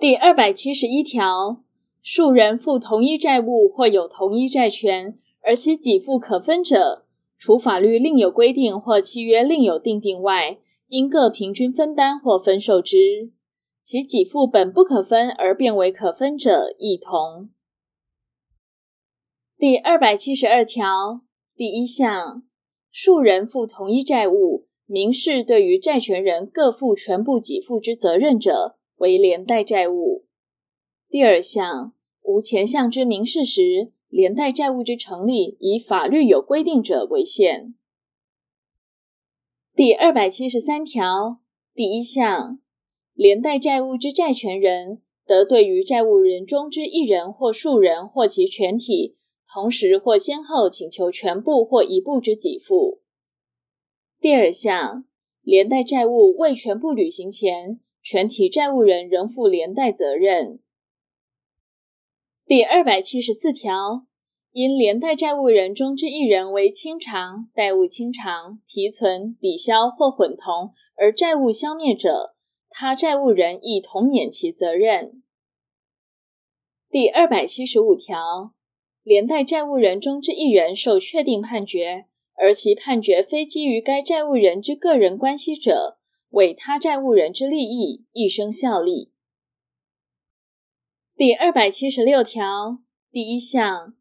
第二百七十一條，數人負同一債務或有同一債權，而其給付可分者，除法律另有規定或契約另有訂定外，應各平均分擔或分受之；其給付本不可分而變為可分者，亦同。第二百七十二條第一項，數人負同一債務，明示對於債權人各負全部給付之責任者。為連帶債務。第二項，無前項之明示時，連帶債務之成立，以法律有規定者為限。第二百七十三條第一項，連帶債務之債權人得對於債務人中之一人或數人或其全體，同時或先後請求全部或一部之給付。第二項，連帶債務未全部履行前。全體債務人仍負連帶責任。第二百七十四條，因連帶債務人中之一人為清償、代物清償、提存、抵銷或混同而債務消滅者，他債務人亦同免其責任。第二百七十五條，連帶債務人中之一人受確定判決，而其判決非基於該債務人之個人關係者。為他債務人之利益亦生效力。第二百七十六條第一項，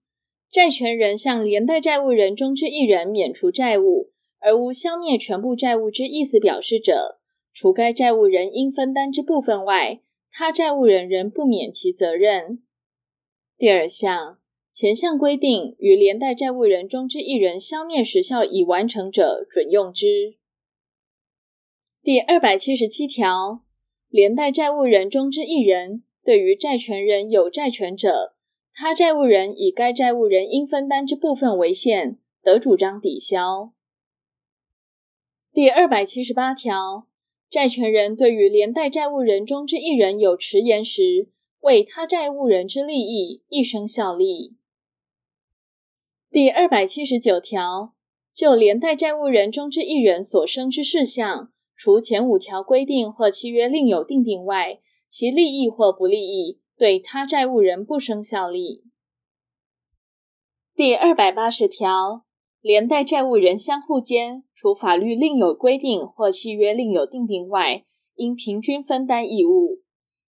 債權人向連帶債務人中之一人免除債務，而無消滅全部債務之意思表示者，除該債務人應分擔之部分外，他債務人仍不免其責任。第二項，前項規定與連帶債務人中之一人消滅時效已完成者準用之。第二百七十七條，連帶債務人中之一人對於債權人有債權者，他債務人以該債務人應分擔之部分為限，得主張抵銷。第二百七十八條，債權人對於連帶債務人中之一人有遲延時，為他債務人之利益，亦生效力。第二百七十九條，就連帶債務人中之一人所生之事項。除前五條規定或契約另有訂定外，其利益或不利益對他債務人不生效力。第二百八十條，連帶債務人相互間，除法律另有規定或契約另有訂定外，應平均分擔義務。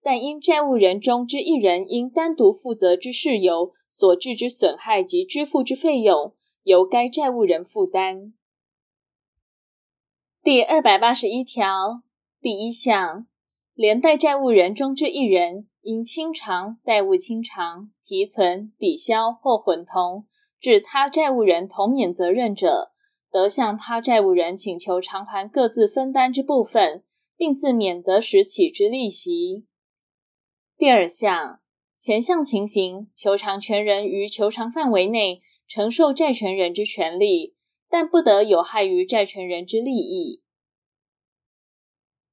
但因債務人中之一人應單獨負責之事由所致之損害及支付之費用，由該債務人負擔。第二百八十一條第一項，連帶債務人中之一人因清償、代物清償、提存、抵銷或混同，致他債務人同免責任者，得向他債務人請求償還各自分擔之部分，並自免責時起之利息。第二項前項情形，求償權人於求償範圍內，承受債權人之權利。但不得有害於債權人之利益。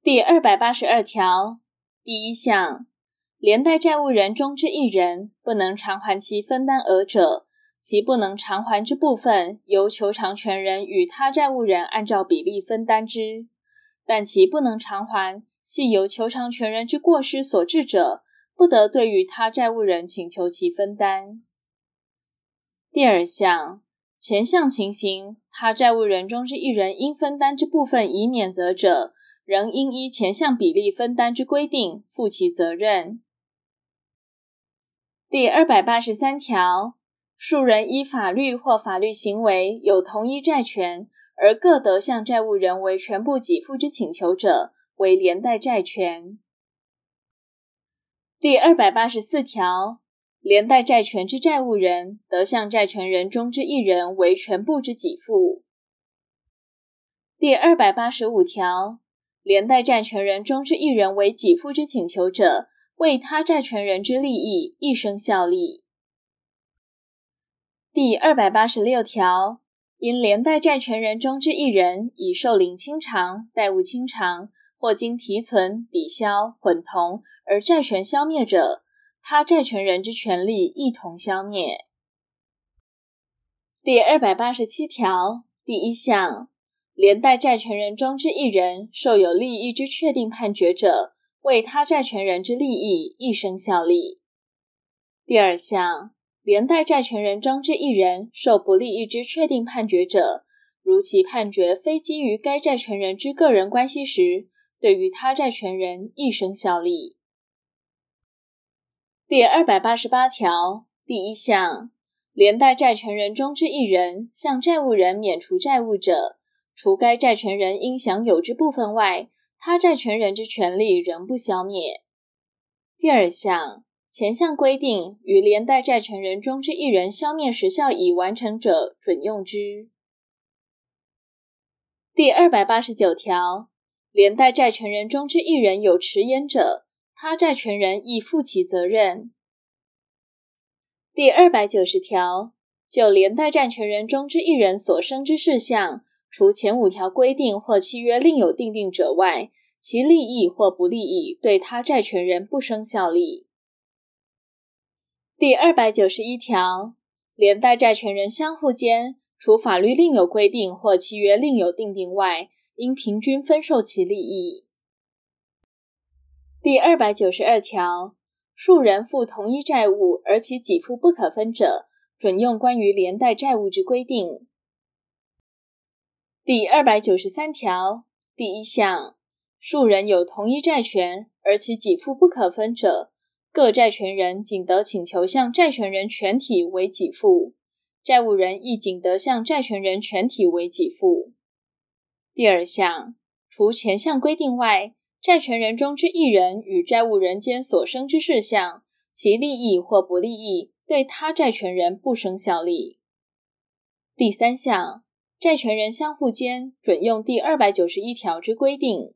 第二百八十二條第一項，連帶債務人中之一人不能償還其分擔額者，其不能償還之部分，由求償權人與他債務人按照比例分擔之。但其不能償還係由求償權人之過失所致者，不得對於他債務人請求其分擔。第二項前項情形。他債務人中之一人應分擔之部分已免責者，仍應依前項比例分擔之規定負其責任。第二百八十三條，數人依法律或法律行為有同一債權，而各得向債務人為全部給付之請求者，為連帶債權。第二百八十四條。連帶債權之債務人得向債權人中之一人為全部之給付。第二百八十五條，連帶債權人中之一人為給付之請求者，為他債權人之利益，一生效力。第二百八十六條，因連帶債權人中之一人已受領清償，代物清償，或經提存、抵消、混同而債權消滅者。他債權人之權利亦同消滅。第二百八十七條第一項，連帶債權人中之一人受有利益之確定判決者，為他債權人之利益亦生效力。第二項，連帶債權人中之一人受不利益之確定判決者，如其判決非基於該債權人之個人關係時，對於他債權人亦生效力。第二百八十八條第一項，連帶債權人中之一人向債務人免除債務者，除該債權人應享有之部分外，他債權人之權利仍不消滅。第二項，前項規定與連帶債權人中之一人消滅時效已完成者準用之。第二百八十九條，連帶債權人中之一人有遲延者。他債權人亦負其責任。第二百九十條，就連帶債權人中之一人所生之事項，除前五條規定或契約另有定定者外，其利益或不利益對他債權人不生效力。第二百九十一條，連帶債權人相互間，除法律另有規定或契約另有定定外，應平均分受其利益。第二百九十二條，數人負同一債務，而其給付不可分者，准用關於連帶債務之規定。第二百九十三條第一項，數人有同一債權，而其給付不可分者，各債權人僅得請求向債權人全體為給付，債務人亦僅得向債權人全體為給付。第二項，除前項規定外。債權人中之一人與債務人間所生之事項，其利益或不利益，對他債權人不生效力。第三項，債權人相互間準用第二百九十一條之規定。